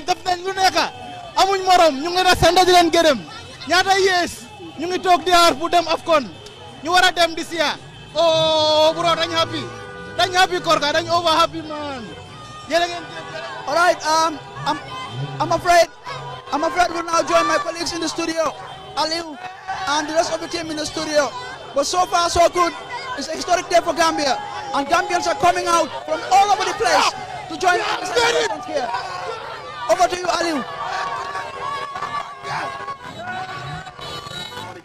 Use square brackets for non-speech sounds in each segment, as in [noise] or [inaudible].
tey def nañ lu nekk amuñ morom ñu ngi leen a sant di leen gërëm ñaata yées ñu ngi toog di aar pour dem Afcon ñu war dem di siya oh bro dañ happy dañ happy Korka dañ over happy man jërë ngeen all right um, I'm, I'm afraid I'm afraid we're now join my colleagues in the studio Aliu and the rest of the team in the studio but so far so good it's a historic day for Gambia and Gambians are coming out from all over the place to join us here. Over to you,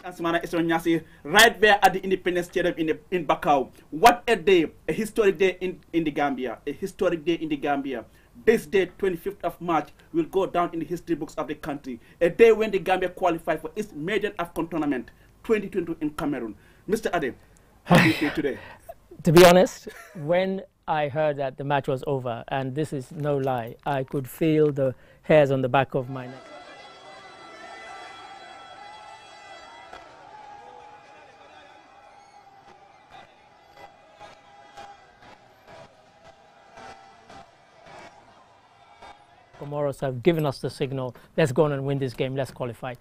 Esron right there at the Independence Stadium in, the, in Bakau. What a day, a historic day in, in the Gambia, a historic day in the Gambia. This day, 25th of March, will go down in the history books of the country. A day when the Gambia qualified for its major AFCON tournament, 2022 in Cameroon. Mr. Ade, how do you feel today? [laughs] to be honest, when I heard that the match was over, and this is no lie. I could feel the hairs on the back of my neck. Comoros have given us the signal, let's go on and win this game, let's qualify.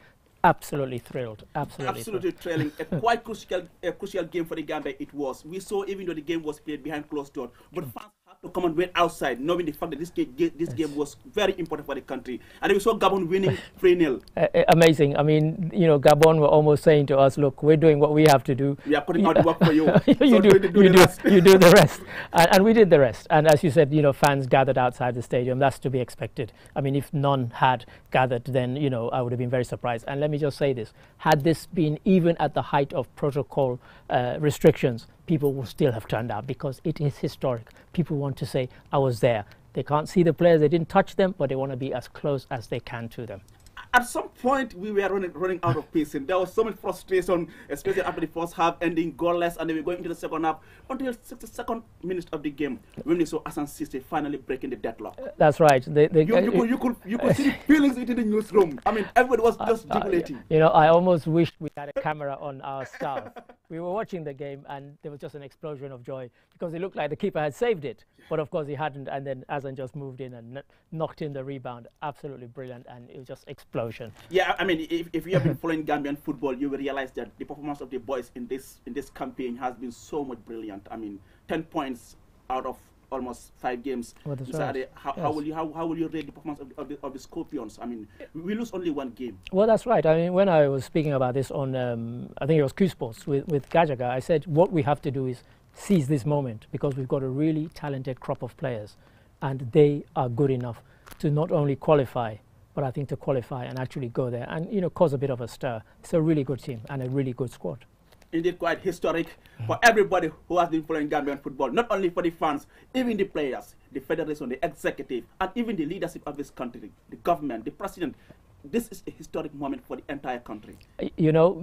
Absolutely thrilled. Absolutely, absolutely thrilled. thrilling. A quite crucial, a crucial game for the Gambia. It was. We saw even though the game was played behind closed doors, but. Mm and went outside, knowing the fact that this game, this yes. game was very important for the country. And we saw Gabon winning [laughs] 3 0. Uh, amazing. I mean, you know, Gabon were almost saying to us, look, we're doing what we have to do. We are putting out work for you. [laughs] you, so do, do, do, you, do, you do the [laughs] rest. And, and, we did the rest. And as you said, you know, fans gathered outside the stadium. That's to be expected. I mean, if none had gathered, then, you know, I would have been very surprised. And let me just say this had this been even at the height of protocol uh, restrictions, people will still have turned out because it is historic. People want to say, I was there. They can't see the players, they didn't touch them, but they want to be as close as they can to them at some point we were running, running out of and There was so much frustration, especially after the first half ending goalless, and then we were going into the second half until the 62nd minute of the game when we saw Asan Sisse finally breaking the deadlock. Uh, that's right. you, you, uh, could, you, could, you could see the [laughs] feelings in the newsroom. I mean, everybody was just uh, jubilating. you know, I almost wished we had a camera on our staff. [laughs] we were watching the game, and there was just an explosion of joy because it looked like the keeper had saved it, but of course he hadn't. And then Asan just moved in and knocked in the rebound. Absolutely brilliant, and it just exploded. Yeah, I mean, if, if you have been [laughs] following Gambian football, you will realize that the performance of the boys in this in this campaign has been so much brilliant. I mean, ten points out of almost five games. Well, how, yes. how, will you how, how will you rate the performance of, of, the, of the Scorpions? I mean, we lose only one game. Well, that's right. I mean, when I was speaking about this on, um, I think it was Q Sports with with Gajaga, I said what we have to do is seize this moment because we've got a really talented crop of players, and they are good enough to not only qualify but I think to qualify and actually go there and you know cause a bit of a stir. It's a really good team and a really good squad. Indeed, quite historic mm -hmm. for everybody who has been following Gambian football, not only for the fans, even the players, the federation, the executive, and even the leadership of this country, the government, the president. This is a historic moment for the entire country. You know,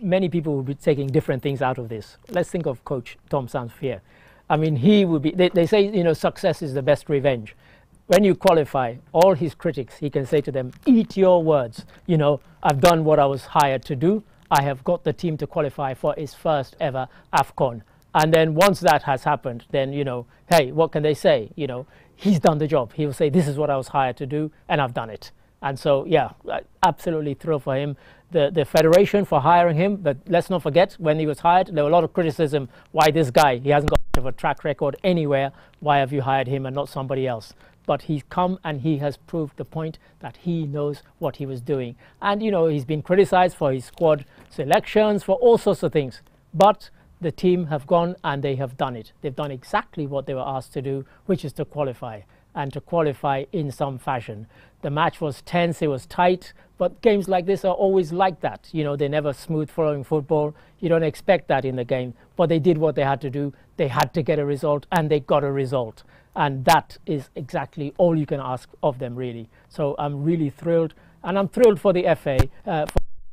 many people will be taking different things out of this. Let's think of Coach Tom Sanfier. I mean, he would be, they, they say, you know, success is the best revenge when you qualify all his critics, he can say to them, eat your words. You know, I've done what I was hired to do. I have got the team to qualify for its first ever AFCON. And then once that has happened, then, you know, hey, what can they say? You know, he's done the job. He will say, this is what I was hired to do, and I've done it. And so, yeah, absolutely thrilled for him. The, the federation for hiring him, but let's not forget, when he was hired, there were a lot of criticism. Why this guy? He hasn't got much of a track record anywhere. Why have you hired him and not somebody else? but he's come and he has proved the point that he knows what he was doing. And you know, he's been criticized for his squad selections, for all sorts of things. But the team have gone and they have done it. They've done exactly what they were asked to do, which is to qualify and to qualify in some fashion. The match was tense, it was tight, but games like this are always like that. You know, they never smooth flowing football. You don't expect that in the game, but they did what they had to do. They had to get a result and they got a result. And that is exactly all you can ask of them, really. So I'm really thrilled. And I'm thrilled for the FA, uh,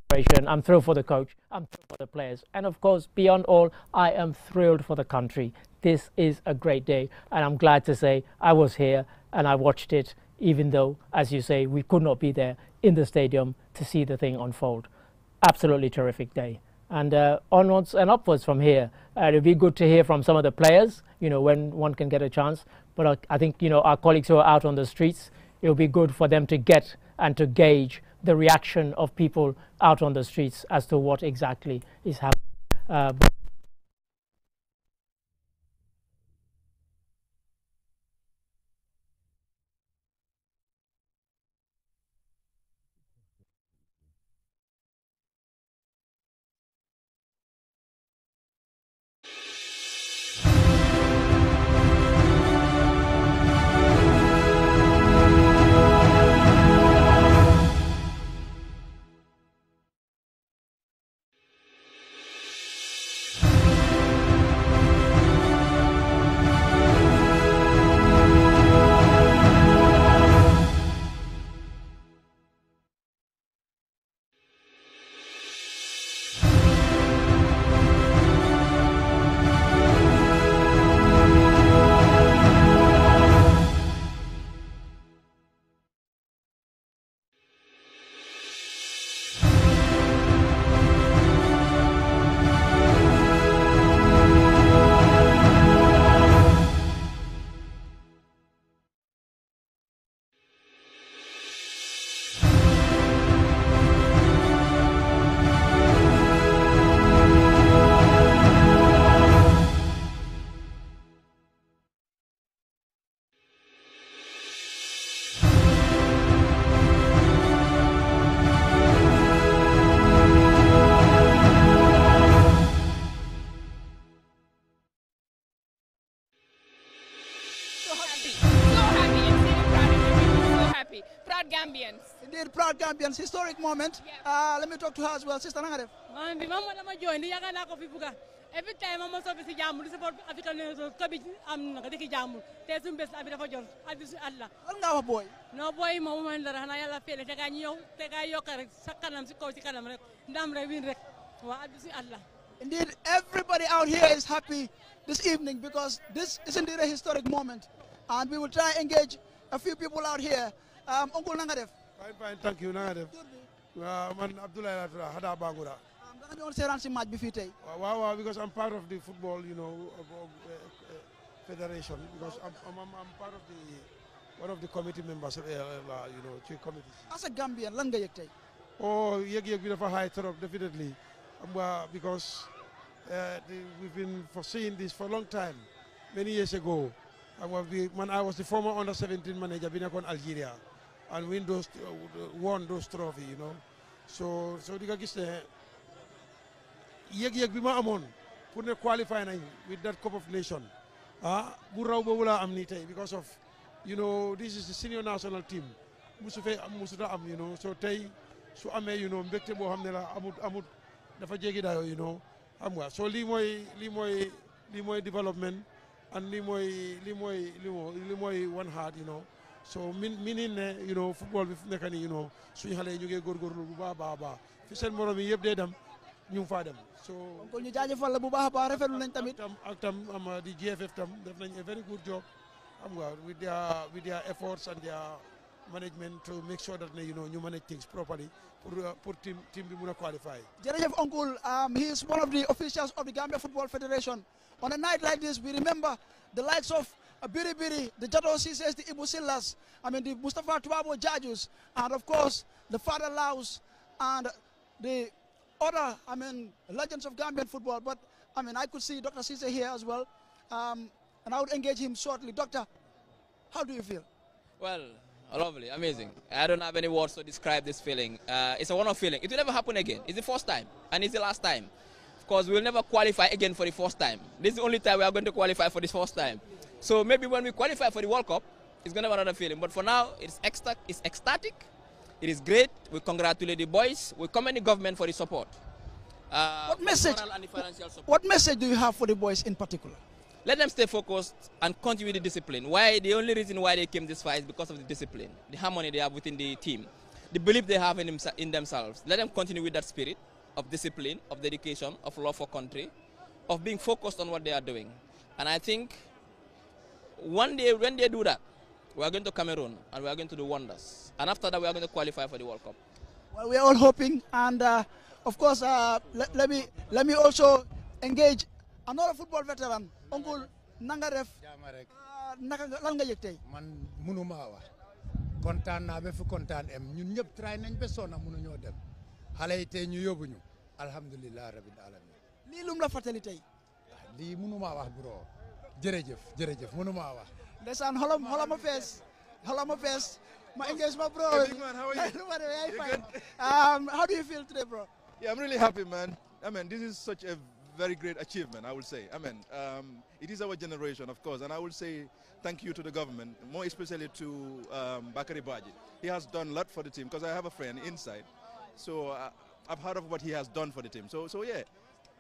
for the I'm thrilled for the coach. I'm thrilled for the players. And of course, beyond all, I am thrilled for the country. This is a great day. And I'm glad to say I was here and I watched it, even though, as you say, we could not be there in the stadium to see the thing unfold. Absolutely terrific day and uh, onwards and upwards from here. Uh, it'll be good to hear from some of the players, you know, when one can get a chance. But I think, you know, our colleagues who are out on the streets, it'll be good for them to get and to gauge the reaction of people out on the streets as to what exactly is happening. Uh, it proud historic moment. Uh, let me talk to her as well, Sister Nangadev. Every time I'm also this African nations, am best boy. No boy fele sakanam kanam rek. Allah. Indeed, everybody out here is happy this evening because this is indeed a historic moment. And we will try and engage a few people out here. Um, Uncle Nangadev, fine fine thank you na nga def waaw ah, man Abdoulaye laa tudd Hada Bangoura da ah, nga ñëwoon seeraan si match bi fii tey ah, waaw because I'm part of the football you know of, of, uh, uh, federation because I'm, I'm, I'm part of the one of the committee members uh, you know two committees. as a Gambian lan nga yëg tey oh yëg-yëg bi dafa high trop definitely xam because the, we've been foreseeing this for a long time many years ago xam man I was the former under 17 manager bi nekkoon Algeria and win those uh, won those trophy you know so so di nga gis ne yëg-yëg bi ma amoon pour ne qualify nañ with that cup of nation ah, bu raw boobu laa am ni tey because of you know this is the senior national team musu fee am musuta am you know so tey su amee you know mbégte boo xam ne la amut amut dafa jéggi dayoo you know xam nga so lii mooy lii mooy lii mooy développement and lii mooy lii mooy lii mooy one you know so min minin eh, ne football bi fu nekk nii you know suñu xale yi ñu ngi góorgóorlu bu baa a baax baax fi seen morom yi yëpp dee dem ñu ngi faa dem so kon ñu jaajëfal la bu baax a baax rafetlu nañ tamit tam ak tam am ah, di GFF tam def a very good job xam nga with their with their efforts and their management to make sure that you know you manage things properly pour ah, team bi mën a qualify. jërëjëf uncle um, he is one of the officials of the Gambia Football Federation on a night like this we remember the likes of Biribiri, the Jado says the Ibusillas, I mean the Mustafa Tuabo judges, and of course the Father Laos and the other, I mean, legends of Gambian football. But I mean, I could see Dr. Cisse here as well, um, and I would engage him shortly. Doctor, how do you feel? Well, lovely, amazing. I don't have any words to describe this feeling. Uh, it's a one-off feeling. It will never happen again. It's the first time, and it's the last time. Of course, we will never qualify again for the first time. This is the only time we are going to qualify for this first time. So maybe when we qualify for the World Cup, it's going to have another feeling. But for now, it's, ecsta it's ecstatic. It is great. We congratulate the boys. We commend the government for the support. Uh, what, message, support. what message do you have for the boys in particular? Let them stay focused and continue the discipline. Why? The only reason why they came this far is because of the discipline, the harmony they have within the team, the belief they have in, them, in themselves. Let them continue with that spirit of discipline, of dedication, of love for country, of being focused on what they are doing. And I think one day when they do that, we are going to Cameroon and we are going to do wonders. And after that, we are going to qualify for the World Cup. Well, we are all hoping, and uh, of course, uh, let, let, me let me also engage another football veteran, Uncle Nangaref. Uh, naka lan nga yëg man munu maa wax kontaan naa ba fu kontaan em try munu ñoo dem xale yi alamin ah, bro jërëjëf jërëjëf mënuma wax ndeysaan xolam xolam a fees xolam my English my bro hey, man how are you [laughs] um, how do you feel today bro yeah I'm really happy man I mean this is such a very great achievement, I would say. I mean, um, it is our generation, of course, and I would say thank you to the government, more especially to um, Bakari Baji. He has done a lot for the team because I have a friend inside, so I, uh, I've heard of what he has done for the team. So, so yeah,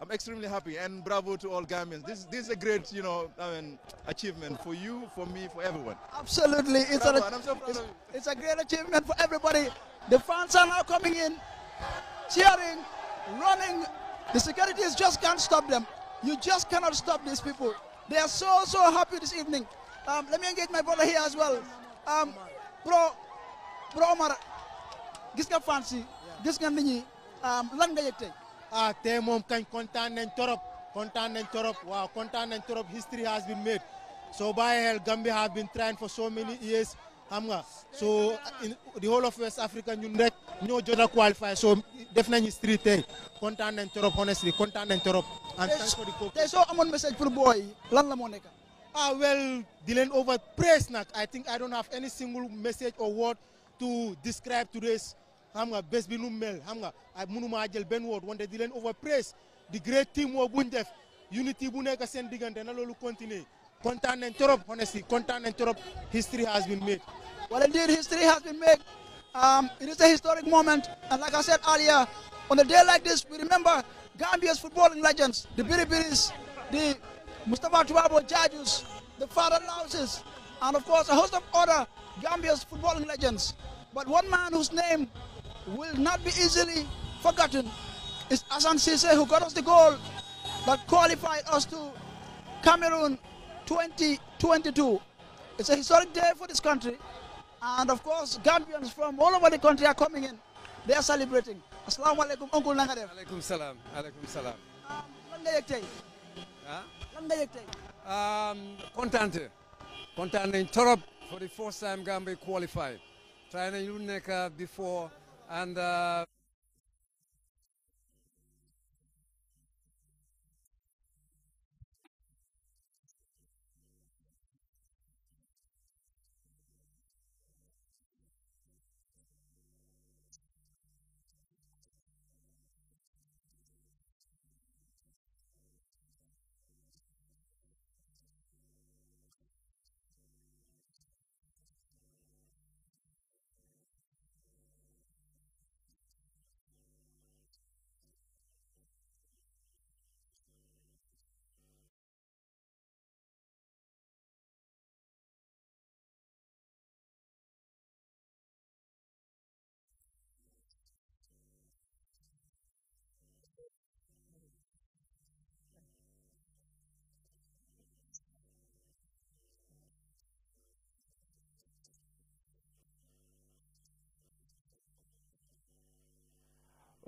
I'm extremely happy and bravo to all Gambians. This, this is a great, you know, I mean, achievement for you, for me, for everyone. Absolutely. It's, bravo, a, so it's, it's a great achievement for everybody. The fans are now coming in, cheering, running. The security is just can't stop them. You just cannot stop these people. They are so, so happy this evening. Um, let me engage my brother here as well. Um, bro, bro Omar, this nga fans yi, gis nga nit ñi, um, ah tey moom kañ kontaan nañ torop kontaan nañ torop waaw kontaan nañ torop history has been made so bàyyi xel Gambia have been trying for so many years xam nga so the whole of West Africa ñun rek ñoo jot a qualify so def nañ history tey kontaan nañ torop honestly kontaan nañ torop en tant que di ko tey soo amoon message pour booy lan la moo nekk ah well di over praise nag I think I don't have any single message or word to describe today's xam nga bés bi nu mel xam nga ay mënumaa jël benn woot wante di leen overpraise di great team woo buñ def unity bu nekk seen diggante na loolu continuer kontaan nañ trop honestly kontaan nañ trop history has been made. Well, indeed, history has been made. Um, it is a historic moment. And like I said earlier, on a day like this, we remember Gambia's footballing legends, the Biribiris, the Mustafa Tuabo Jajus, the Father Louses, and of course a host of other Gambia's footballing legends. But one man whose name will not be easily forgotten. It's Asan Sise who got us the goal that qualified us to Cameroon 2022. It's a historic day for this country. And of course, Gambians from all over the country are coming in. They are celebrating. Asalaamu alaikum, Uncle Nangadev. Alaikum salam, alaikum salam. Lan nga yëg tey. torop for the first time Gambia qualified. Trying nañ lu nekk before and uh,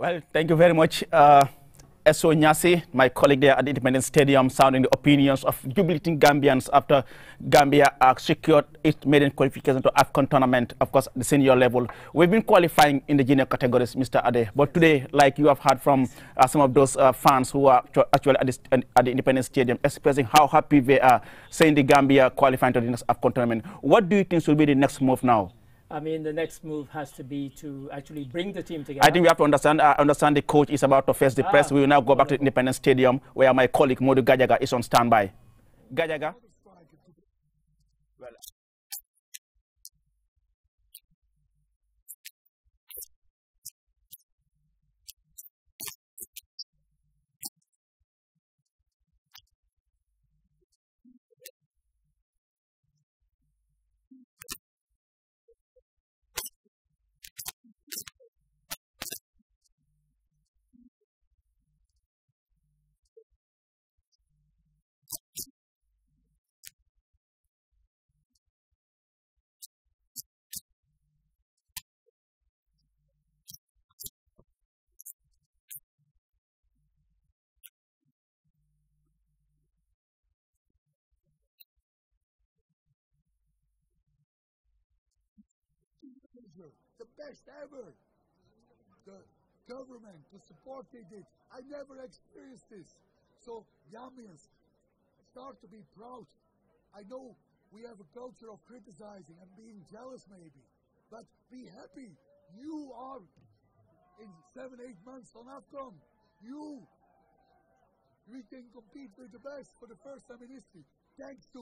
Well, thank you very much, uh, Nasi, Nyasi, my colleague there at the Independence Stadium, sounding the opinions of jubilating Gambians after Gambia uh, secured its maiden qualification to AFCON tournament, of course, the senior level. We've been qualifying in the junior categories, Mr. Ade, but today, like you have heard from uh, some of those uh, fans who are actually at, this, at the Independence Stadium, expressing how happy they are, saying the Gambia qualifying to the next AFCON tournament. What do you think should be the next move now? I mean, the next move has to be to actually bring the team together. I think we have to understand I uh, understand the coach is about to face the ah, press. We will now go back to Independence Stadium, where my colleague Modu Gajaga is on standby. Gajaga. best ever. The government, the support they did. I never experienced this. So, Yamians, start to be proud. I know we have a culture of criticizing and being jealous, maybe, but be happy. You are in seven, eight months on AFCON. You, we can compete with the best for the first time in history. Thanks to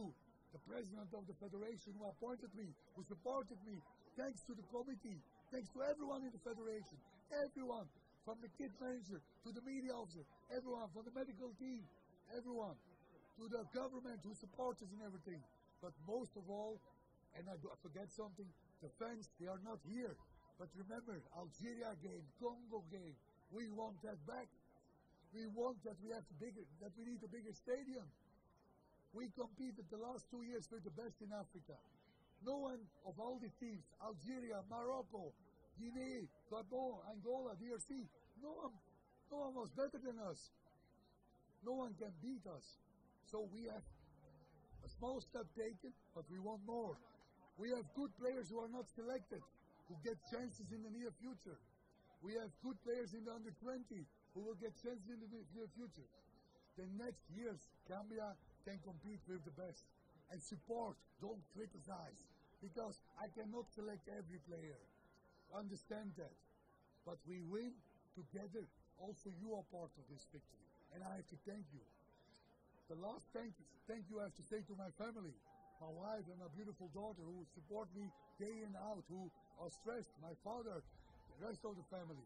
the president of the federation who appointed me, who supported me. Thanks to the committee Thanks to everyone in the Federation, everyone from the kit manager to the media officer, everyone from the medical team, everyone to the government who supports us and everything. But most of all, and I, I forget something, the fans, they are not here. But remember, Algeria game, Congo game, we want that back. We want that we have bigger, that we need a bigger stadium. We competed the last two years with the best in Africa. No one of all the thieves, Algeria, Morocco, Guinea, Gabon, Angola, DRC, no one, no one was better than us. No one can beat us. So we have a small step taken, but we want more. We have good players who are not selected, who get chances in the near future. We have good players in the under 20 who will get chances in the near future. The next years, Gambia can compete with the best. And support, don't criticize because I cannot select every player. Understand that. But we win together. Also, you are part of this victory. And I have to thank you. The last thank you, thank you I have to say to my family, my wife and my beautiful daughter who support me day and out, who are stressed, my father, the rest of the family.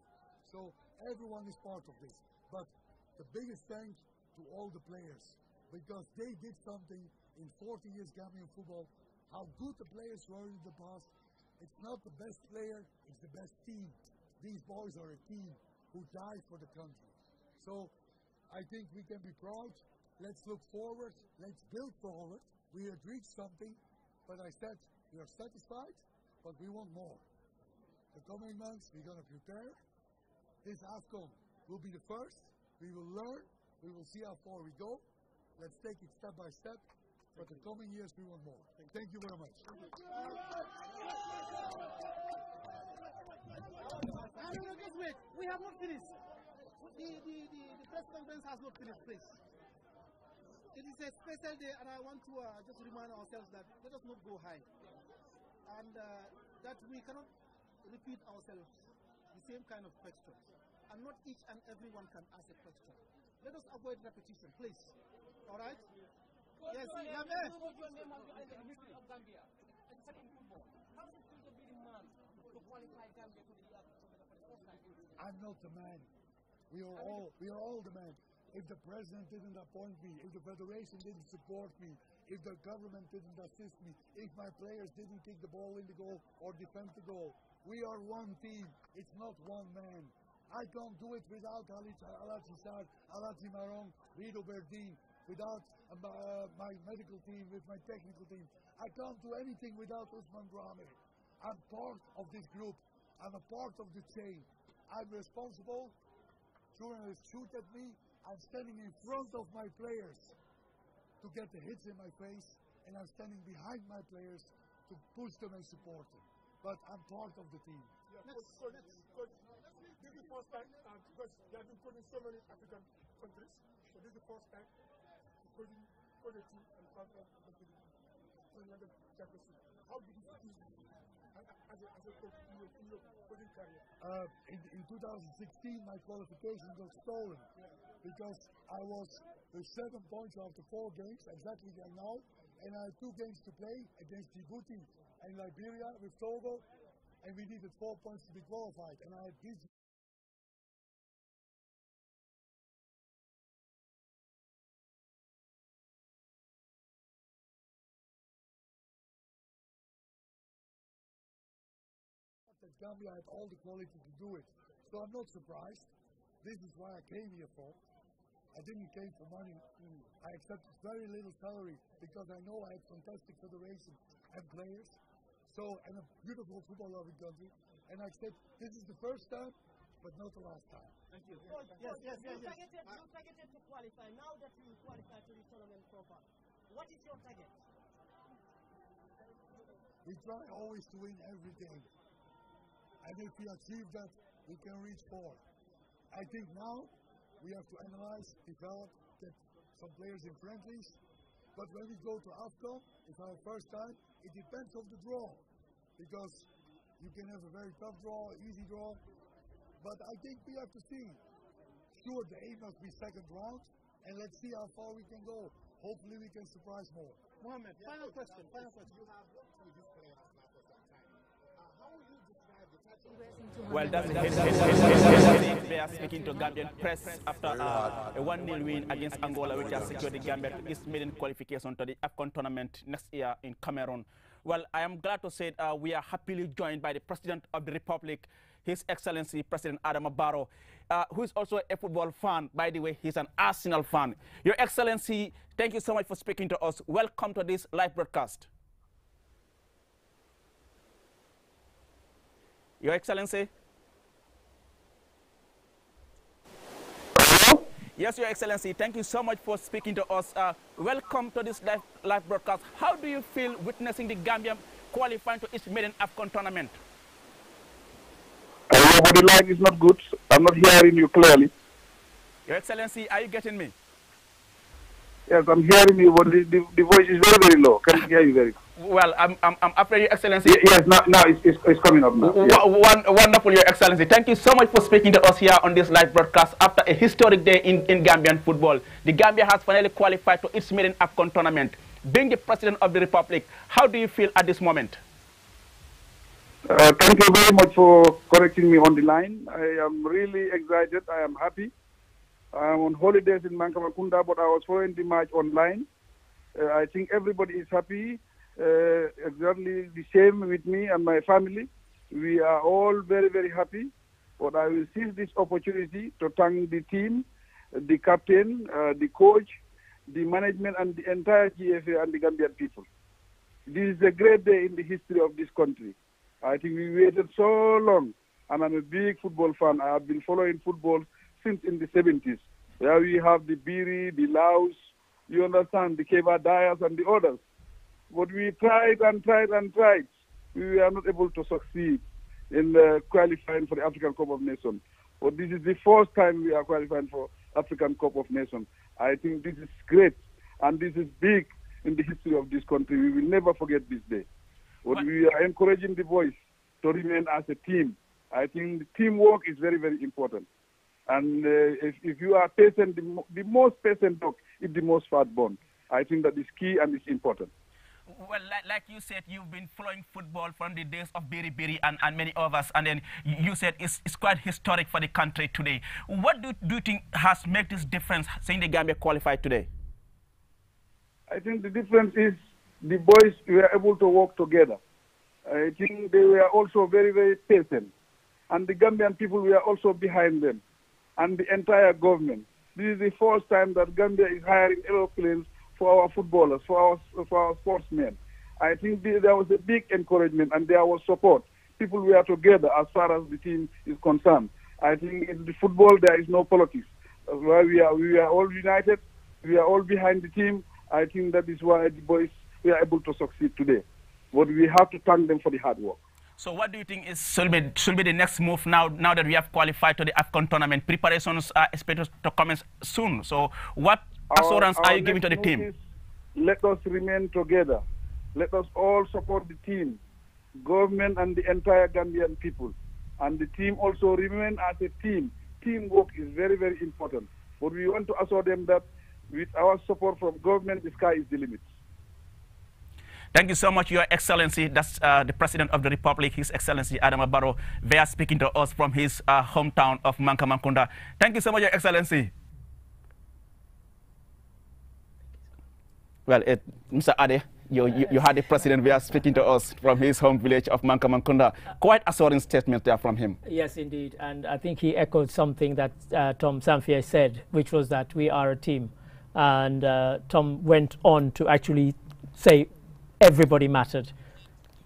So everyone is part of this. But the biggest thanks to all the players because they did something in 40 years Gambian football how good the players were in the past. It's not the best player, it's the best team. These boys are a team who die for the country. So I think we can be proud. Let's look forward. Let's build forward. We have reached something, but I said we are satisfied, but we want more. The coming months, we're going to prepare. This AFCON will be the first. We will learn. We will see how far we go. Let's take it step by step. But the coming years, we want more. Thank you very much. we have not finished. The, the, the, the press conference has not finished, please. It is a special day, and I want to uh, just remind ourselves that let us not go high. And uh, that we cannot repeat ourselves the same kind of questions. And not each and everyone can ask a question. Let us avoid repetition, please. All right? Yes, I'm not the man. We are all we are all the man. If the president didn't appoint me, if the federation didn't support me, if the government didn't assist me, if my players didn't kick the ball in the goal or defend the goal, we are one team. It's not one man. I can't do it without Ali Al Al Al Rido Berdin, without uh, uh, my medical team, with my technical team. I can't do anything without Usman Brahmi. I'm part of this group. I'm a part of the chain. I'm responsible. Journalists shoot at me. I'm standing in front of my players to get the hits in my face, and I'm standing behind my players to push them and support them. But I'm part of the team. Yeah, this is the first time, uh, because they have been put in so many African countries, so this is the first time quality and of the So another how did you feel as a, as a coach in your, in your coaching career? Uh, in, in 2016, my qualification got stolen yeah. because I was the second points after four games, exactly now, and I had two games to play against Djibouti and Liberia with Togo, and we needed four points to be qualified, and I had Gambia have all the quality to do it. So I'm not surprised. This is why I came here for. I didn't came for money. Mm. I accepted very little salary because I know I have fantastic federation and players. So, and a beautiful football-loving country. And I said, this is the first time but not the last time. Thank you. Yes, yes, yes. yes, yes. targeted to qualify. Now that you qualify to the tournament proper, what is your target? We try always to win every game. And if we achieve that, we can reach four. I think now we have to analyze, develop, get some players in friendlies. But when we go to AFCO, it's our first time, it depends on the draw. Because you can have a very tough draw, easy draw. But I think we have to see. Sure, the aim must be second round, and let's see how far we can go. Hopefully, we can surprise more. Mohammed, final question. Final question. Well, that's the are speaking to Gambian press after uh, a 1 0 win against Angola, which has secured the Gambia its maiden qualification to the AFCON tournament next year in Cameroon. Well, I am glad to say uh, we are happily joined by the President of the Republic, His Excellency President Adam Barrow, uh, who is also a football fan. By the way, he's an Arsenal fan. Your Excellency, thank you so much for speaking to us. Welcome to this live broadcast. Your Excellency. Yes, Your Excellency, thank you so much for speaking to us. Uh, welcome to this live, live broadcast. How do you feel witnessing the Gambia qualifying to its maiden AFCON tournament? Your body the line is not good. I'm not hearing you clearly. Your Excellency, are you getting me? Yes, I'm hearing you, but the, the, the voice is very, very low. Can hear you very well, I'm, I'm, I'm after Your Excellency. Yes, now, now it's, it's, it's coming up now. Yes. Wonderful, Your Excellency. Thank you so much for speaking to us here on this live broadcast after a historic day in, in Gambian football. The Gambia has finally qualified to its maiden AFCON tournament. Being the President of the Republic, how do you feel at this moment? Uh, thank you very much for correcting me on the line. I am really excited. I am happy. I am on holidays in Mankamakunda, but I was following the match online. Uh, I think everybody is happy uh, exactly the same with me and my family. We are all very, very happy. But I will seize this opportunity to thank the team, the captain, uh, the coach, the management, and the entire GFA and the Gambian people. This is a great day in the history of this country. I think we waited so long, and I'm a big football fan. I have been following football since in the 70s. There we have the Biri, the Laos, you understand, the Keva Dyers, and the others. But we tried and tried and tried. We were not able to succeed in uh, qualifying for the African Cup of Nations. But this is the first time we are qualifying for African Cup of Nations. I think this is great and this is big in the history of this country. We will never forget this day. But what? we are encouraging the boys to remain as a team. I think teamwork is very, very important. And uh, if, if, you are patient, the, the most patient dog is the most fat bone. I think that is key and it's important well, like, like, you said, you've been following football from the days of Biri Biri and, and many others, and then you said it's, it's quite historic for the country today. What do, do you think has made this difference seeing the Gambia qualified today? I think the difference is the boys were able to work together. I think they were also very, very patient. And the Gambian people were also behind them and the entire government. This is the first time that Gambia is hiring aeroplanes for our footballers, for our, for our sportsmen. I think there was a big encouragement and there was support. People were together as far as the team is concerned. I think in the football there is no politics. That's why we are we are all united. We are all behind the team. I think that is why the boys were able to succeed today. But we have to thank them for the hard work. So what do you think is should be, should be the next move now now that we have qualified to the AFCON tournament? Preparations are expected to commence soon. So what assurance are you giving to the team? let us remain together. Let us all support the team, government and the entire Gambian people. And the team also remain as a team. Teamwork is very, very important. But we want to assure them that with our support from government, the sky is the limit. Thank you so much, Your Excellency. That's uh, the President of the Republic, His Excellency Adam Barrow. They are speaking to us from his uh, hometown of Mankamankunda. Thank you so much, Your Excellency. Well, it, Mr. Ade, you, you, you had the president we are speaking to us from his home village of Mankamankunda. Quite a soaring statement there from him. Yes, indeed. And I think he echoed something that uh, Tom Samfier said, which was that we are a team. And uh, Tom went on to actually say everybody mattered.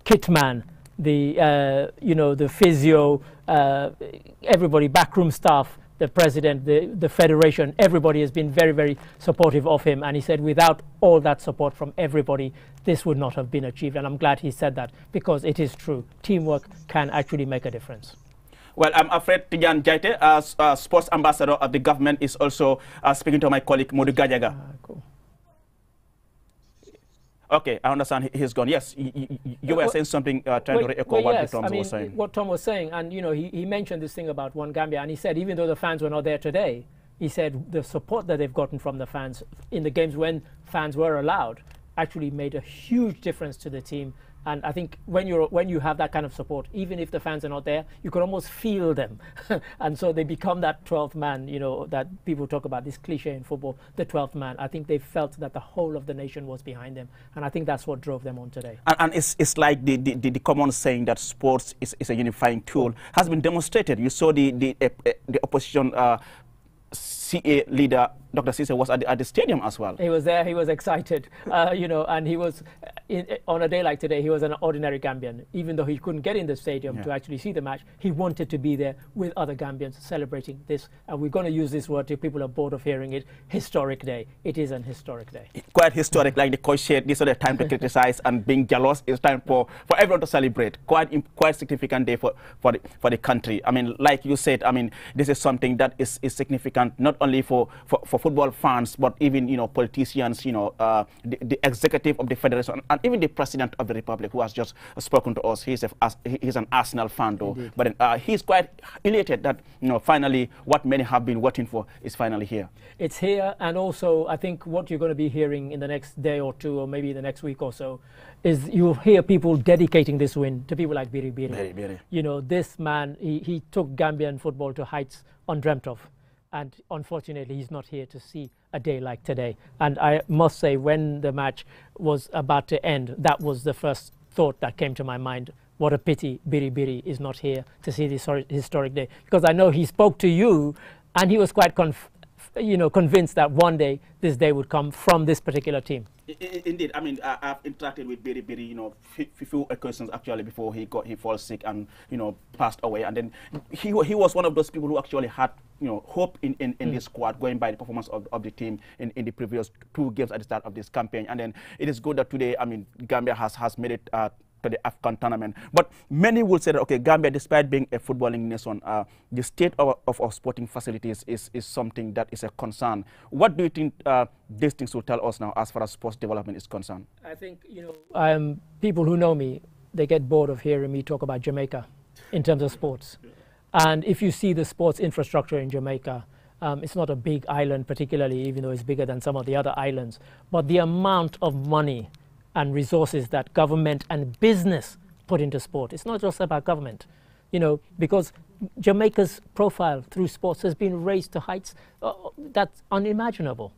Kitman, the, uh, you know, the physio, uh, everybody, backroom staff, the president, the, the federation, everybody has been very, very supportive of him. And he said, without all that support from everybody, this would not have been achieved. And I'm glad he said that because it is true. Teamwork can actually make a difference. Well, I'm afraid Tijan Jaite, as uh, sports ambassador of the government, is also uh, speaking to my colleague Modu Gajaga. Ah, cool. Okay, I understand he's gone. Yes, you uh, were saying something, uh, trying well, to echo well, what yes, Tom I mean, was saying. What Tom was saying, and you know, he, he mentioned this thing about One Gambia, and he said even though the fans were not there today, he said the support that they've gotten from the fans in the games when fans were allowed actually made a huge difference to the team and I think when you when you have that kind of support, even if the fans are not there, you can almost feel them, [laughs] and so they become that 12th man. You know that people talk about this cliche in football, the 12th man. I think they felt that the whole of the nation was behind them, and I think that's what drove them on today. And, and it's, it's like the, the, the, common saying that sports is, is a unifying tool has been demonstrated. You saw the the, uh, the opposition uh, CA leader Dr. Sise was at the, at the stadium as well. He was there, he was excited, uh, you know, and he was, in, on a day like today, he was an ordinary Gambian. Even though he couldn't get in the stadium yeah. to actually see the match, he wanted to be there with other Gambians celebrating this. And we're going to use this word if people are bored of hearing it, historic day. It is an historic day. Quite historic, like the coach said, this is the time to [laughs] criticize and being jealous. It's time for, for everyone to celebrate. Quite, quite significant day for, for, the, for the country. I mean, like you said, I mean, this is something that is, is significant not only for, for, for for football fans, but even you know politicians, you know uh, the, the, executive of the federation, and even the president of the republic, who has just spoken to us. He's a, he's an Arsenal fan, though, Indeed. but uh, he's quite elated that you know finally what many have been waiting for is finally here. It's here, and also I think what you're going to be hearing in the next day or two, or maybe the next week or so, is you'll hear people dedicating this win to people like Biri Biri. Biri, Biri. You know, this man, he, he took Gambian football to heights undreamt of and unfortunately he's not here to see a day like today. And I must say, when the match was about to end, that was the first thought that came to my mind. What a pity Biri Biri is not here to see this historic day. Because I know he spoke to you and he was quite conf you know, convinced that one day this day would come from this particular team. Indeed, I mean, I, have interacted with Biri Biri. you know, few occasions actually before he got he falls sick and you know passed away, and then he he was one of those people who actually had you know hope in in, in mm. this squad going by the performance of, of the team in, in the previous two games at the start of this campaign, and then it is good that today, I mean, Gambia has has made it. Uh, to the Afghan tournament. But many will say that, okay, Gambia, despite being a footballing nation, uh, the state of, of, our sporting facilities is, is something that is a concern. What do you think uh, these things will tell us now as far as sports development is concerned? I think, you know, um, people who know me, they get bored of hearing me talk about Jamaica in terms of sports. And if you see the sports infrastructure in Jamaica, um, it's not a big island particularly, even though it's bigger than some of the other islands. But the amount of money and resources that government and business put into sport. It's not just about government, you know, because Jamaica's profile through sports has been raised to heights uh, that's unimaginable.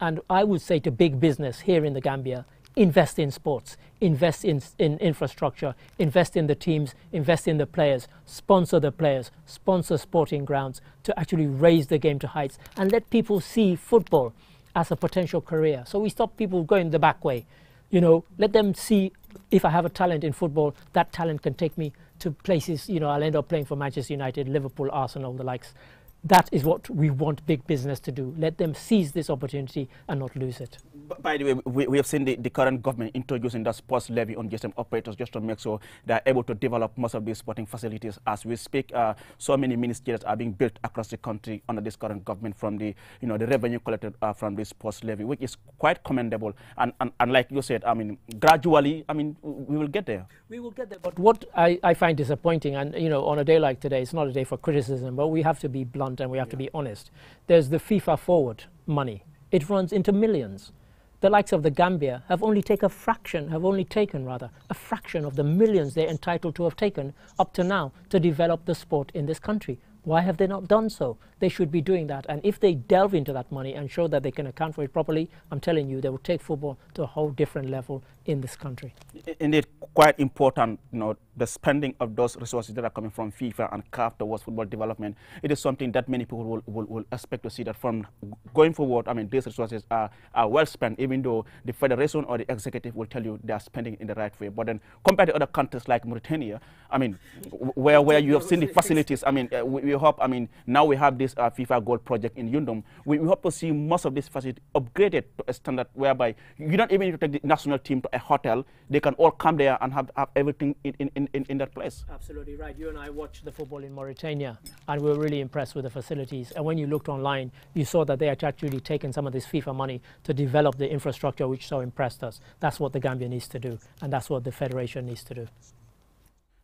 And I would say to big business here in the Gambia, invest in sports, invest in, in infrastructure, invest in the teams, invest in the players, sponsor the players, sponsor sporting grounds to actually raise the game to heights and let people see football as a potential career. So we stop people going the back way. You know, let them see if I have a talent in football, that talent can take me to places, you know, I'll end up playing for Manchester United, Liverpool, Arsenal, the likes that is what we want big business to do. Let them seize this opportunity and not lose it. by the way, we, we have seen the, the, current government introducing the sports levy on GSM operators just to make sure they're able to develop most of these sporting facilities. As we speak, uh, so many mini stadiums are being built across the country under this current government from the, you know, the revenue collected uh, from this sports levy, which is quite commendable. And, and, and like you said, I mean, gradually, I mean, we will get there. We will get there. But what I, I find disappointing, and, you know, on a day like today, it's not a day for criticism, but we have to be blunt and we have yeah. to be honest. There's the FIFA forward money. It runs into millions. The likes of the Gambia have only taken a fraction, have only taken rather, a fraction of the millions they're entitled to have taken up to now to develop the sport in this country. Why have they not done so? They should be doing that. And if they delve into that money and show that they can account for it properly, I'm telling you, they will take football to a whole different level in this country. Indeed, quite important, you know, the spending of those resources that are coming from FIFA and CAF towards football development. It is something that many people will, will, will expect to see that from going forward, I mean, these resources are, are well spent, even though the federation or the executive will tell you they are spending in the right way. But then compared to other countries like Mauritania, I mean, where, where you have seen the facilities, I mean, uh, we, we hope, I mean, now we have this uh, FIFA Gold project in Yundum. We, we, hope to see most of this facility upgraded to a standard whereby you don't even need to take the national team to a hotel. They can all come there and have, have everything in, in, in, in that place. Absolutely right. You and I watched the football in Mauritania, and we were really impressed with the facilities. And when you looked online, you saw that they had actually taken some of this FIFA money to develop the infrastructure, which so impressed us. That's what the Gambia needs to do, and that's what the Federation needs to do.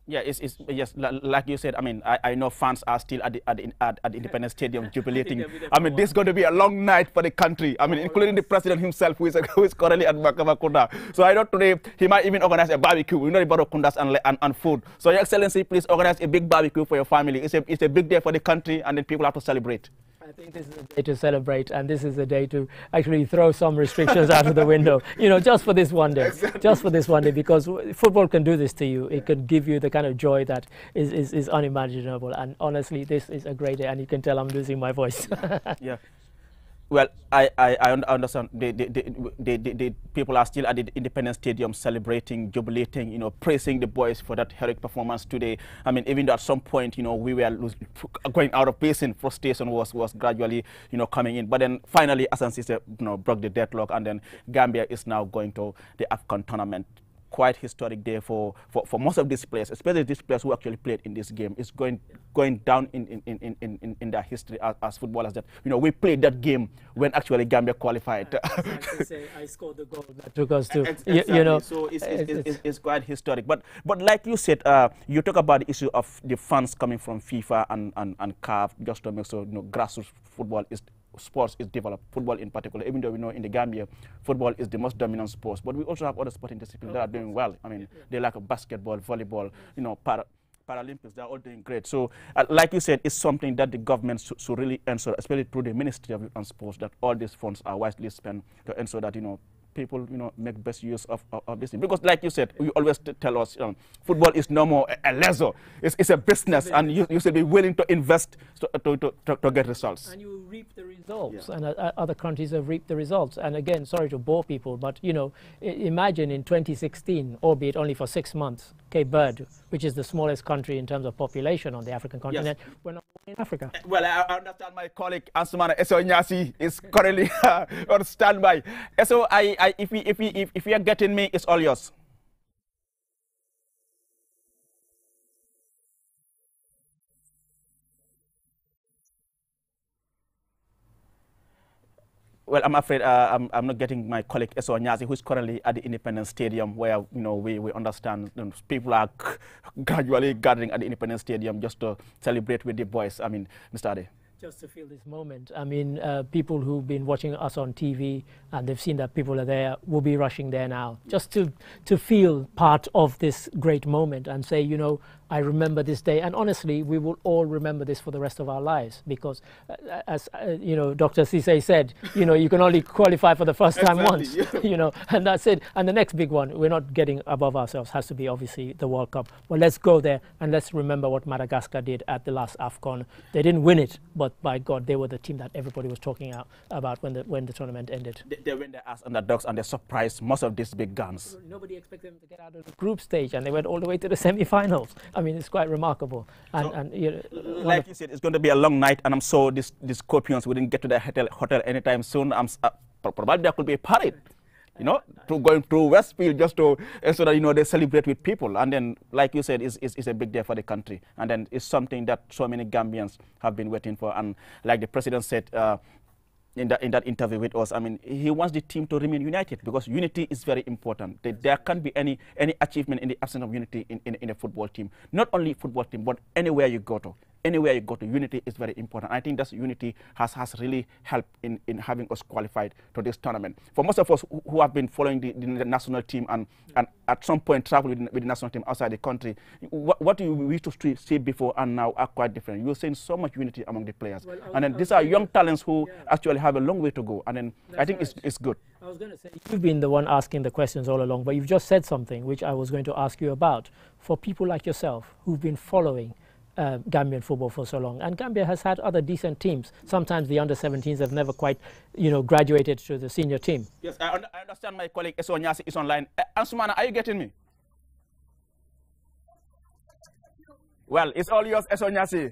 Yeah, it's, it's yes, like you said. I mean, I, I know fans are still at the, at, the, at, at Independence Stadium [laughs] jubilating. I mean, this is going to be a long night for the country. I mean, oh, including yes. the president himself, who is, [laughs] who is currently at Makavakunda. So I know today he might even organize a barbecue. We you know about kundas and, and, and food. So, Your Excellency, please organize a big barbecue for your family. It's a, it's a big day for the country, and then people have to celebrate. I think this is a day to celebrate, and this is a day to actually throw some restrictions out of the window. [laughs] You know, just for this one day, exactly. just for this one day, because football can do this to you. It can give you the kind of joy that is, is, is unimaginable. And honestly, this is a great day, and you can tell I'm losing my voice. [laughs] yeah. Well, I, I, I understand the, the, the, the, people are still at the Independence Stadium celebrating, jubilating, you know, praising the boys for that heroic performance today. I mean, even though at some point, you know, we were going out of pace and frustration was, was gradually, you know, coming in. But then finally, Asan you know, broke the deadlock and then Gambia is now going to the AFCON tournament quite historic day for, for, for most of these players, especially these players who actually played in this game. It's going going down in, in, in, in, in their history as, as, footballers that, you know, we played that game when actually Gambia qualified. [laughs] I, I scored the goal that took us to, exactly. you, know. So it's, it's, it's, it's, quite historic. But, but like you said, uh, you talk about the issue of the funds coming from FIFA and, and, and CAF just to make sure, you know, grassroots football is sports is developed, football in particular, even though we know in the Gambia, football is the most dominant sport. But we also have other sporting disciplines that are doing well. I mean, they like basketball, volleyball, you know, para Paralympics, they're all doing great. So, uh, like you said, it's something that the government should, should really ensure, especially through the Ministry of Youth and Sports, that all these funds are wisely spent to ensure that, you know, people, you know, make best use of, of, of this. Because like you said, you always tell us um, football is no more a, a leisure. It's, it's a business, and you, you should be willing to invest to, to, to, to get results. And you reap the results, yeah. and uh, uh, other countries have reaped the results. And again, sorry to bore people, but, you know, imagine in 2016, albeit only for six months, Cape Verde, which is the smallest country in terms of population on the African continent, yes. we're not in Africa. Uh, well, I, I, understand my colleague, Ansumana Eso Nyasi, is currently [laughs] on standby. So I, I, if, if, if, if you are getting me, it's all yours. well, I'm afraid uh, I'm, I'm, not getting my colleague Eso Nyazi, who's currently at the Independence Stadium, where you know we, we understand you know, people are [laughs] gradually gathering at the Independence Stadium just to celebrate with the boys. I mean, Mr. Ade just to feel this moment. I mean, uh, people who've been watching us on TV and they've seen that people are there will be rushing there now, just to to feel part of this great moment and say, you know, I remember this day, and honestly, we will all remember this for the rest of our lives because, uh, as uh, you know, Dr. Cisse said, you know, you can only qualify for the first time once, yeah. [laughs] you know, and that's it. And the next big one, we're not getting above ourselves, has to be obviously the World Cup. But let's go there and let's remember what Madagascar did at the last AFCON. They didn't win it, but by God, they were the team that everybody was talking about when the when the tournament ended. They, went there as underdogs and they surprised most of these big guns. Nobody expected them to get out of the group stage, and they went all the way to the semi-finals. I mean, it's quite remarkable. And, so and you know, like you said, it's going to be a long night, and I'm so these the Scorpions wouldn't get to the hotel, hotel anytime soon. I'm uh, probably there could be a parade. You know, to going through Westfield just to uh, so that you know they celebrate with people, and then, like you said, it's, it's, it's a big day for the country, and then it's something that so many Gambians have been waiting for, and like the president said, uh, in that, in that interview with us, I mean, he wants the team to remain united because unity is very important. That there can't be any, any achievement in the absence of unity in, in, in a football team. Not only football team, but anywhere you go to, anywhere you go to, unity is very important. I think that unity has, has really helped in, in having us qualified to this tournament. For most of us who, who have been following the, the, national team and, and at some point traveled with, with the national team outside the country, wh what we used to see before and now are quite different. You're seeing so much unity among the players. Well, and then these are young talents who yeah. actually have a long way to go. And then That's I think right. it's, it's good. I was going to say, you've been the one asking the questions all along, but you've just said something which I was going to ask you about. For people like yourself who've been following uh, Gambian football for so long. And Gambia has had other decent teams. Sometimes the under 17s have never quite, you know, graduated to the senior team. Yes, I, un I understand my colleague Eso Nyasi is online. Uh, eh, Ansumana, are you getting me? Well, it's all yours, Eso Nyasi.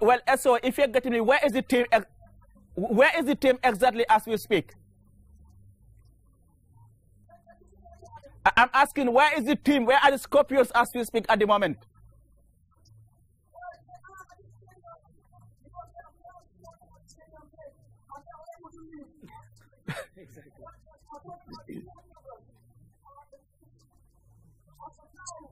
Well, uh, so if you're getting me, where is the team? Where is the team exactly as we speak? I'm asking, where is the team? Where are the Scorpios as we speak at the moment? [laughs]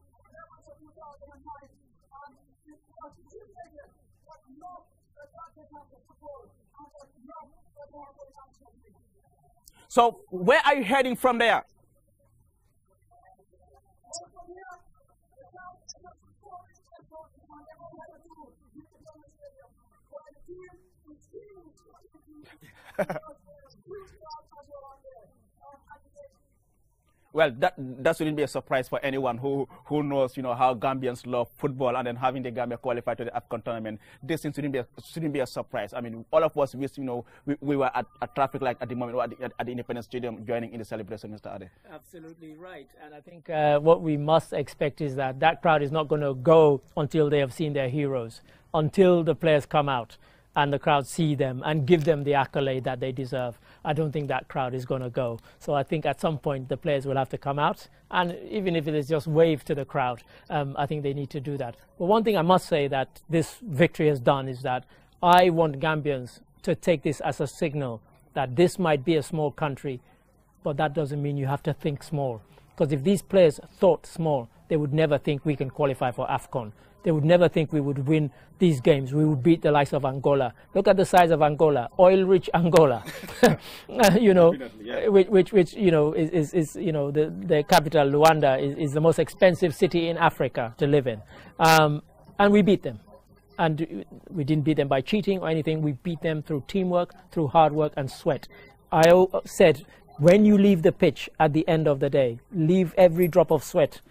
So, where are you heading from there? [laughs] well, that, that shouldn't be a surprise for anyone who, who knows, you know, how Gambians love football and then having the Gambia qualify to the AFCON tournament. This thing shouldn't be a, shouldn't be a surprise. I mean, all of us, we, you know, we, we were at a traffic light at the moment at the, at, the Independence Stadium joining in the celebration, Mr. Ade. Absolutely right. And I think uh, what we must expect is that that crowd is not going to go until they have seen their heroes, until the players come out and the crowd see them and give them the accolade that they deserve, I don't think that crowd is going to go. So I think at some point the players will have to come out, and even if it is just wave to the crowd, um, I think they need to do that. But one thing I must say that this victory has done is that I want Gambians to take this as a signal that this might be a small country, but that doesn't mean you have to think small. Because if these players thought small, they would never think we can qualify for AFCON they would never think we would win these games. We would beat the likes of Angola. Look at the size of Angola, oil-rich Angola, [laughs] [laughs] you know, yeah. which, which, which, you know, is, is, is you know, the, the capital, Luanda, is, is the most expensive city in Africa to live in. Um, and we beat them. And we didn't beat them by cheating or anything. We beat them through teamwork, through hard work and sweat. I said, when you leave the pitch at the end of the day, leave every drop of sweat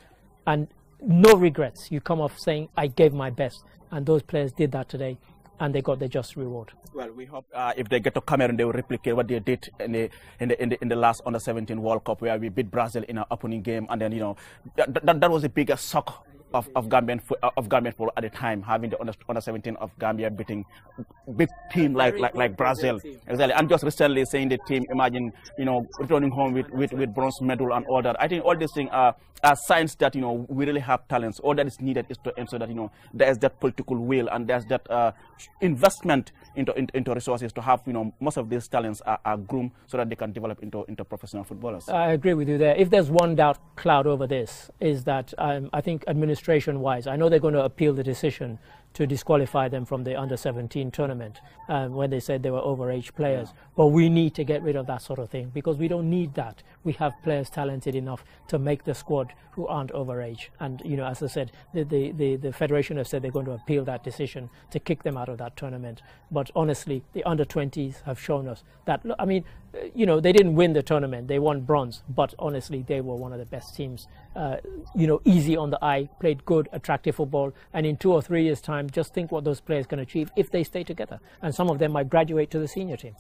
and no regrets. You come off saying, I gave my best. And those players did that today and they got their just reward. Well, we hope uh, if they get to Cameroon, they will replicate what they did in the, in the, in the, in the last under 17 World Cup, where we beat Brazil in our opening game. And then, you know, that, that, that was a bigger shock of, of, Gambian, of Gambian football at the time, having the under, under 17 of Gambia beating big team like, like, like Brazil. Exactly. And just recently saying the team, imagine, you know, returning home with, with, with bronze medal and all that. I think all these things are, are signs that, you know, we really have talents. All that is needed is to ensure that, you know, there is that political will and there's that uh, investment into, into, into, resources to have, you know, most of these talents are, are groomed so that they can develop into, into professional footballers. I agree with you there. If there's one doubt cloud over this is that um, I think administration administration wise. I know they're going to appeal the decision, to disqualify them from the under 17 tournament um, when they said they were overage players. Yeah. But we need to get rid of that sort of thing because we don't need that. We have players talented enough to make the squad who aren't overage. And, you know, as I said, the, the, the, the Federation have said they're going to appeal that decision to kick them out of that tournament. But honestly, the under 20s have shown us that, I mean, uh, you know, they didn't win the tournament, they won bronze, but honestly, they were one of the best teams. Uh, you know, easy on the eye, played good, attractive football, and in two or three years' time, time, just think what those players can achieve if they stay together. And some of them might graduate to the senior team.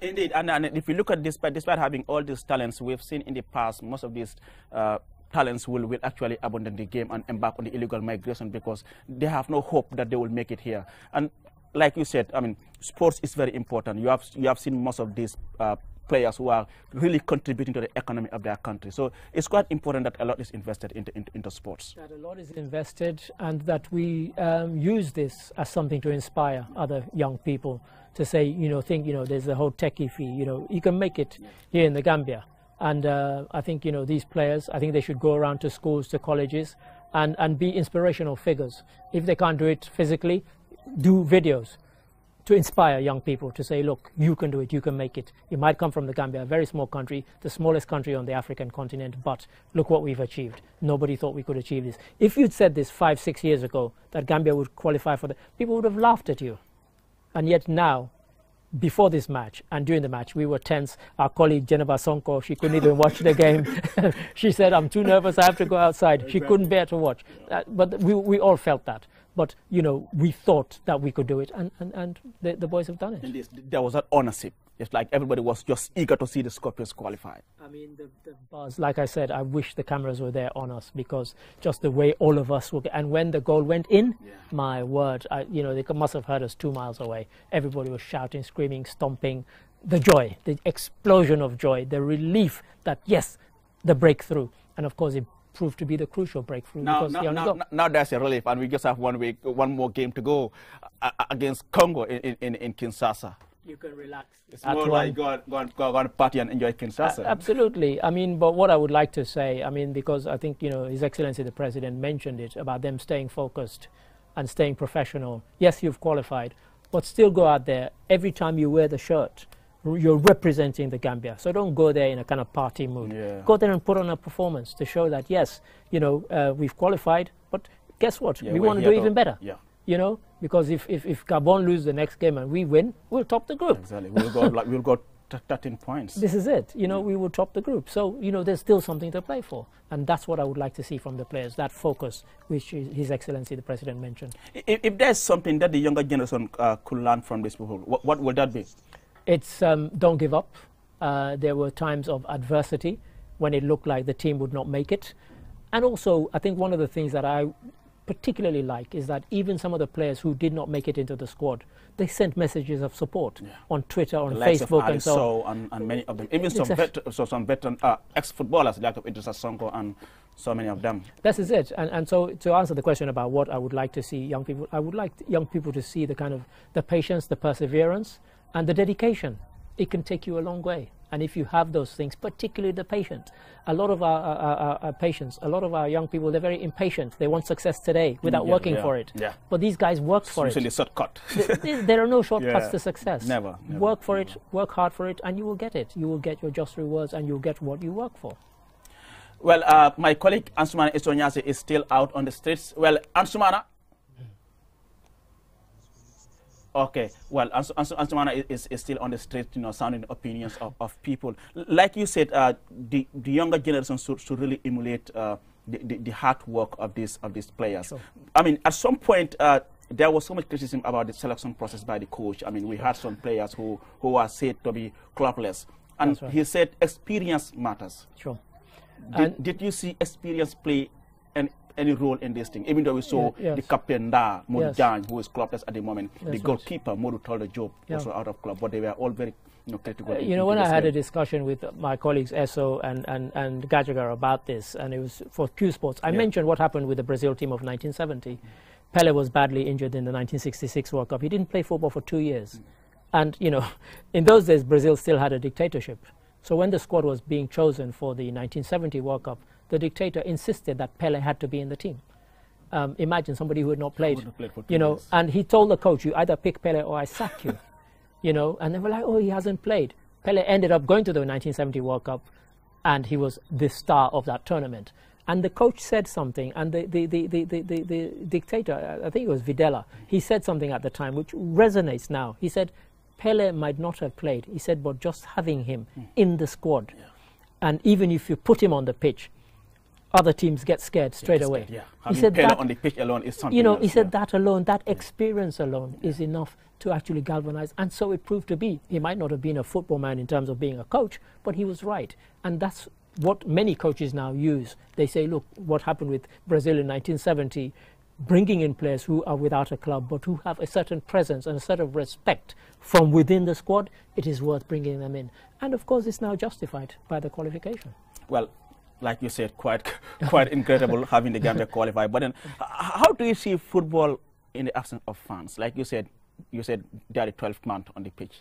Indeed, and, and if you look at despite, despite having all these talents we've seen in the past, most of these uh, talents will, will actually abandon the game and embark on the illegal migration because they have no hope that they will make it here. And like you said, I mean, sports is very important. You have you have seen most of these uh, players who are really contributing to the economy of their country. So it's quite important that a lot is invested into, into, into sports. That a lot is invested and that we um, use this as something to inspire other young people to say, you know, think, you know, there's a whole techie fee, you know, you can make it here in the Gambia. And uh, I think, you know, these players, I think they should go around to schools, to colleges, and, and be inspirational figures. If they can't do it physically, do videos to inspire young people to say, look, you can do it, you can make it. You might come from the Gambia, a very small country, the smallest country on the African continent, but look what we've achieved. Nobody thought we could achieve this. If you'd said this five, six years ago, that Gambia would qualify for the, people would have laughed at you. And yet now, before this match and during the match, we were tense. Our colleague Jennifer Sonko, she couldn't even watch the game. [laughs] she said, I'm too nervous, I have to go outside. She couldn't bear to watch. Uh, but we, we all felt that but you know we thought that we could do it and and, and the, the boys have done it and this, there was that ownership it's like everybody was just eager to see the scorpions qualify i mean the, the buzz like i said i wish the cameras were there on us because just the way all of us were and when the goal went in yeah. my word I, you know they must have heard us two miles away everybody was shouting screaming stomping the joy the explosion of joy the relief that yes the breakthrough and of course it proved to be the crucial breakthrough. Now, now, now, now, that's a relief, and we just have one week, one more game to go uh, uh against Congo in, in, in Kinshasa. You can relax. It's At more one. like go and go, and go party and enjoy Kinshasa. Uh, absolutely. I mean, but what I would like to say, I mean, because I think, you know, His Excellency the President mentioned it about them staying focused and staying professional. Yes, you've qualified, but still go out there every time you wear the shirt you're representing the Gambia. So don't go there in a kind of party mood. Yeah. Go there and put on a performance to show that yes, you know, uh, we've qualified, but guess what? Yeah, we want to do even better. Yeah. You know, because if, if, if Gabon lose the next game and we win, we'll top the group. Exactly. We'll go like we'll go 13 points. This is it. You know, yeah. we will top the group. So, you know, there's still something to play for. And that's what I would like to see from the players, that focus, which His Excellency the President mentioned. If, if there's something that the younger generation uh, could learn from this people, what, what would that be? It's um, don't give up. Uh, there were times of adversity when it looked like the team would not make it. And also, I think one of the things that I particularly like is that even some of the players who did not make it into the squad, they sent messages of support yeah. on Twitter, on the Facebook, and so on. And, and many of them, even some, so some veteran uh, ex-footballers, like of Idrissa Sonko and so many of them. This is it. And, and so to answer the question about what I would like to see young people, I would like young people to see the kind of the patience, the perseverance, and the dedication. It can take you a long way. And if you have those things, particularly the patient, a lot of our, our, our, our patients, a lot of our young people, they're very impatient. They want success today without yeah, working yeah, for it. Yeah. But these guys work for it. Usually shortcut. there, there are no shortcuts yeah. to success. Never. never work for never. it, work hard for it, and you will get it. You will get your just rewards and you'll get what you work for. Well, uh, my colleague Ansumana Isonyasi is still out on the streets. Well, Ansumana, Okay, well, As Ansumana is, is still on the street, you know, sounding opinions of, of people. Like you said, uh, the, the younger generation should, should really emulate uh, the, the, the, hard work of these, of these players. Sure. I mean, at some point, uh, there was so much criticism about the selection process by the coach. I mean, we had some players who, who are said to be clubless. And right. he said experience matters. Sure. Did, did you see experience play any role in this thing, even though we saw yeah, yes. the captain Da Murjan, who is clubless at the moment, the goalkeeper Modu the Job, also out of club, but they were all very you know, critical. Uh, you know, when I had game. a discussion with my colleagues Esso and, and, and Gajagar about this, and it was for Q Sports, I mentioned what happened with the Brazil team of 1970. Mm. Pele was badly injured in the 1966 World Cup. He didn't play football for two years. Mm. And, you know, [laughs] in those days, Brazil still had a dictatorship. So when the squad was being chosen for the 1970 World Cup, the dictator insisted that Pele had to be in the team. Um, imagine somebody who had not played, played you know, and he told the coach, you either pick Pele or I sack you, [laughs] you know, and they were like, oh, he hasn't played. Pele ended up going to the 1970 World Cup, and he was the star of that tournament. And the coach said something, and the, the, the, the, the, the, the dictator, I think it was Videla, he said something at the time which resonates now. He said, Pele might not have played, he said, but just having him mm. in the squad, yeah. and even if you put him on the pitch, other teams get scared straight away. Scared, yeah, he said that on the pitch alone is something. You know, else, he said yeah. that alone, that experience alone, yeah. is enough to actually galvanize. And so it proved to be. He might not have been a football man in terms of being a coach, but he was right, and that's what many coaches now use. They say, look, what happened with Brazil in 1970. Bringing in players who are without a club but who have a certain presence and a certain respect from within the squad, it is worth bringing them in. And of course, it's now justified by the qualification. Well, like you said, quite [laughs] quite incredible having the Gambia qualify. But then, how do you see football in the absence of fans? Like you said, you said they are the 12th on the pitch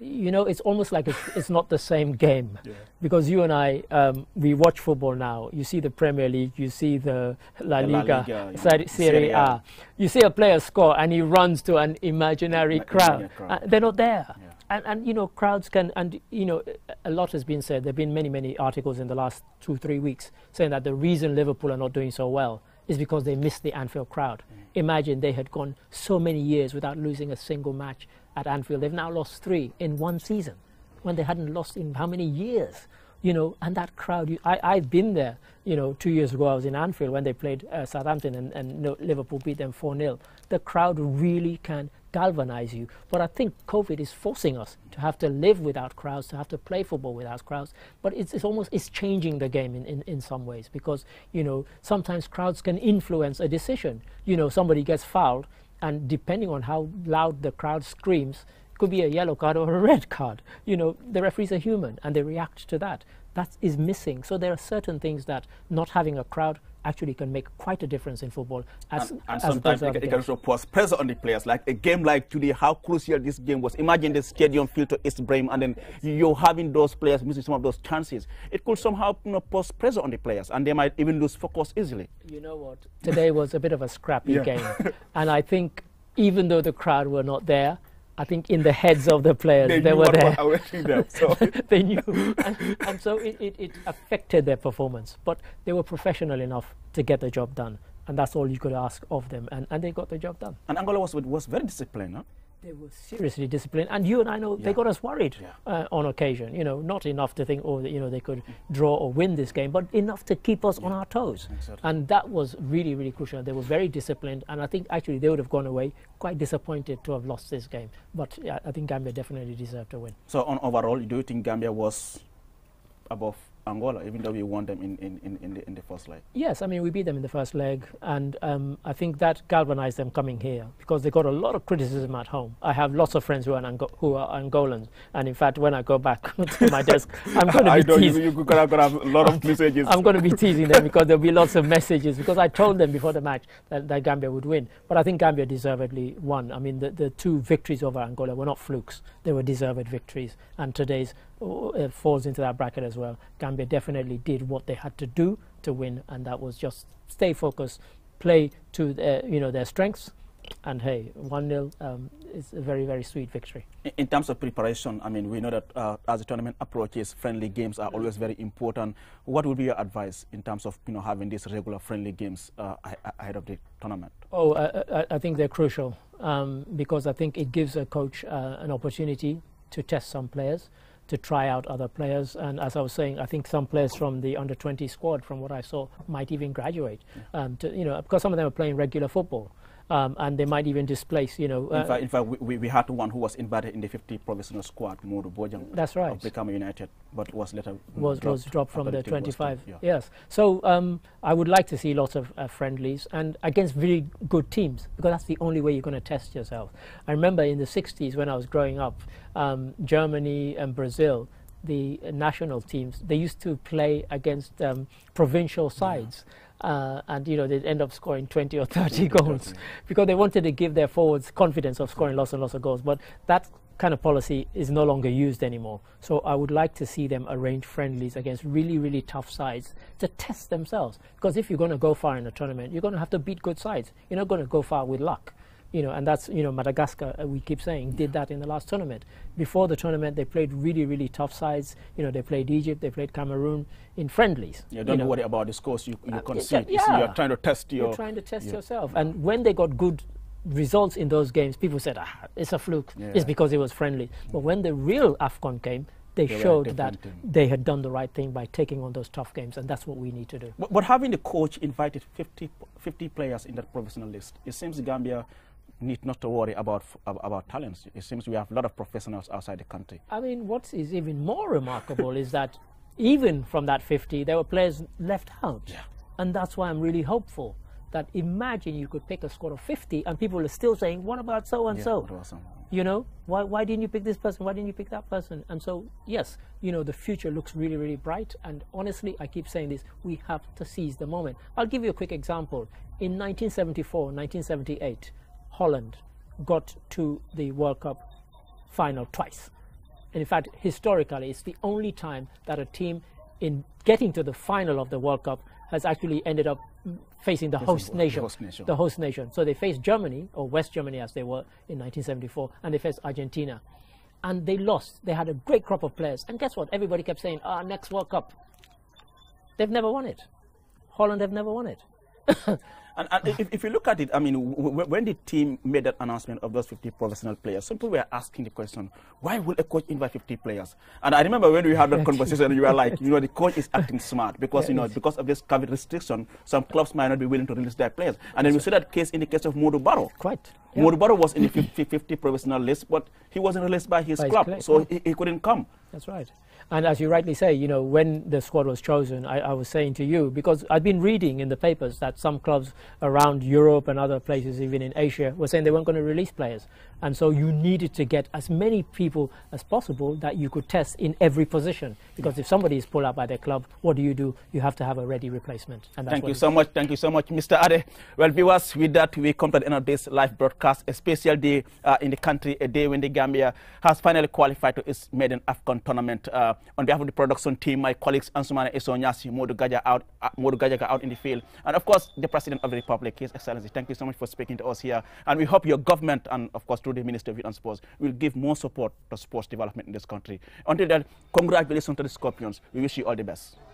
you know, it's almost like it's, it's not the same game [laughs] yeah. because you and I, um, we watch football now. You see the Premier League, you see the La Liga, Liga Serie, Serie, A. You see a player score and he runs to an imaginary crowd. crowd. Uh, they're not there. Yeah. And, and, you know, crowds can, and, you know, a lot has been said. There have been many, many articles in the last two, three weeks saying that the reason Liverpool are not doing so well is because they missed the Anfield crowd. Mm. Imagine they had gone so many years without losing a single match at Anfield. They've now lost three in one season when they hadn't lost in how many years? You know, and that crowd, you, I, I've been there, you know, two years ago I was in Anfield when they played uh, Southampton and, and no, Liverpool beat them 4 0. The crowd really can galvanize you. But I think COVID is forcing us to have to live without crowds, to have to play football without crowds. But it's, it's almost it's changing the game in, in, in some ways because, you know, sometimes crowds can influence a decision. You know, somebody gets fouled and depending on how loud the crowd screams, could be a yellow card or a [laughs] red card. You know, the referees are human and they react to that. That is missing. So there are certain things that not having a crowd actually can make quite a difference in football. As, and, and as sometimes it, can also put pressure on the players. Like a game like today, how crucial this game was. Imagine the stadium filled to its brim, and then you're having those players missing some of those chances. It could somehow you know, put pressure on the players, and they might even lose focus easily. You know what? Today was a bit of a scrappy yeah. game, [laughs] and I think even though the crowd were not there, I think in the heads of the players. they, they were there. Them, so [laughs] they knew, and, and so it, it, it, affected their performance. But they were professional enough to get the job done, and that's all you could ask of them, and, and they got the job done. And Angola was was very disciplined. Huh? they were seriously disciplined. And you and I know yeah. they got us worried yeah. uh, on occasion. You know, not enough to think, oh, you know, they could draw or win this game, but enough to keep us yeah. on our toes. Exactly. And that was really, really crucial. They were very disciplined, and I think actually they would have gone away quite disappointed to have lost this game. But I think Gambia definitely deserved to win. So, on overall, do you think Gambia was above Angola, even though we won them in, in, in, in, the, in the first leg. Yes, I mean, we beat them in the first leg, and um, I think that galvanized them coming here because they got a lot of criticism at home. I have lots of friends who are, Ango who are Angolans, and in fact, when I go back [laughs] to my desk, I'm [laughs] going to be teasing. You're going to have, a lot of [laughs] messages. I'm going to be teasing them because there'll be lots of messages because I told them before the match that, that Gambia would win. But I think Gambia deservedly won. I mean, the, the two victories over Angola were not flukes, they were deserved victories, and today's uh, falls into that bracket as well. Gambia definitely did what they had to do to win, and that was just stay focused, play to their, you know their strengths, and hey, one 0 um, is a very very sweet victory. In, in, terms of preparation, I mean, we know that uh, as the tournament approaches, friendly games are always very important. What would be your advice in terms of you know having these regular friendly games uh, ahead of the tournament? Oh, I, I think they're crucial um, because I think it gives a coach uh, an opportunity to test some players to try out other players. And as I was saying, I think some players from the under 20 squad, from what I saw, might even graduate. Um, to, you know, because some of them are playing regular football. Um, and they might even displace, you know. Uh, in fact, in fact we, we had one who was invited in the 50 provisional squad, Muru Bojang. That's right. Of Become United, but was later was dropped, was dropped from the 25. Yeah. Yes. So um, I would like to see lots of uh, friendlies and against really good teams because that's the only way you're going to test yourself. I remember in the 60s when I was growing up, um, Germany and Brazil the national teams, they used to play against um, provincial sides. Yeah. Uh, and you know they end up scoring 20 or 30 goals because they wanted to give their forwards confidence of scoring lots and lots of goals. But that kind of policy is no longer used anymore. So I would like to see them arrange friendlies against really, really tough sides to test themselves. Because if you're going to go far in a tournament, you're going to have to beat good sides. You're not going to go far with luck you know, and that's you know Madagascar. Uh, we keep saying did that in the last tournament. Before the tournament, they played really, really tough sides. You know, they played Egypt, they played Cameroon in friendlies. Yeah, don't you know. worry about the scores you, you uh, concede. Yeah, yeah. You are trying to test your. You're trying to test yeah. yourself, and when they got good results in those games, people said, "Ah, it's a fluke. Yeah. It's because it was friendly." But when the real Afcon came, they, they showed that team. they had done the right thing by taking on those tough games, and that's what we need to do. But, but having the coach invited 50, 50 players in that professional list, it seems Gambia need not to worry about about talents. It seems we have a lot of professionals outside the country. I mean, what is even more remarkable is that even from that 50, there were players left out. Yeah. And that's why I'm really hopeful that imagine you could pick a squad of 50 and people are still saying, what about so and yeah, so? Awesome. You know, why, why didn't you pick this person? Why didn't you pick that person? And so, yes, you know, the future looks really, really bright. And honestly, I keep saying this, we have to seize the moment. I'll give you a quick example. In 1974, 1978, Holland got to the World Cup final twice. and In fact, historically, it's the only time that a team in getting to the final of the World Cup has actually ended up facing the host, nation, the host nation. The host nation. So they faced Germany, or West Germany as they were in 1974, and they faced Argentina. And they lost. They had a great crop of players. And guess what? Everybody kept saying, "Our ah, next World Cup. They've never won it. Holland have never won it. [laughs] And, and if, if, you look at it, I mean, when the team made that announcement of those 50 professional players, some people were asking the question, why will a coach invite 50 players? And I remember when we had that conversation, you were like, you know, the coach is acting [laughs] smart because, you know, because of this COVID restriction, some clubs might not be willing to release their players. And then we see that case in the case of Modu Baro. Quite. Yeah. Murubaro was in the 50, professional list, but he wasn't released by his by club, so he, he couldn't come. That's right. And as you rightly say, you know, when the squad was chosen, I, I was saying to you, because I'd been reading in the papers that some clubs around Europe and other places, even in Asia, were saying they weren't going to release players. And so you needed to get as many people as possible that you could test in every position. Because if somebody is pulled out by their club, what do you do? You have to have a ready replacement. Thank you so much. Thank you so much, Mr. Ade. Well, viewers, with that, we come to the end of this live broadcast, a special day uh, in the country, a day when the Gambia has finally qualified to its maiden AFCON tournament. Uh, on behalf of the production team, my colleagues Ansumana Esonyasi, Modu Gaja out, uh, Modu Gajaga out in the field, and of course the President of the Republic, His Excellency. Thank you so much for speaking to us here, and we hope your government and of course through the Ministry of Youth and Sports will give more support to sports development in this country. Until then, congratulations to the Scorpions. We wish you all the best.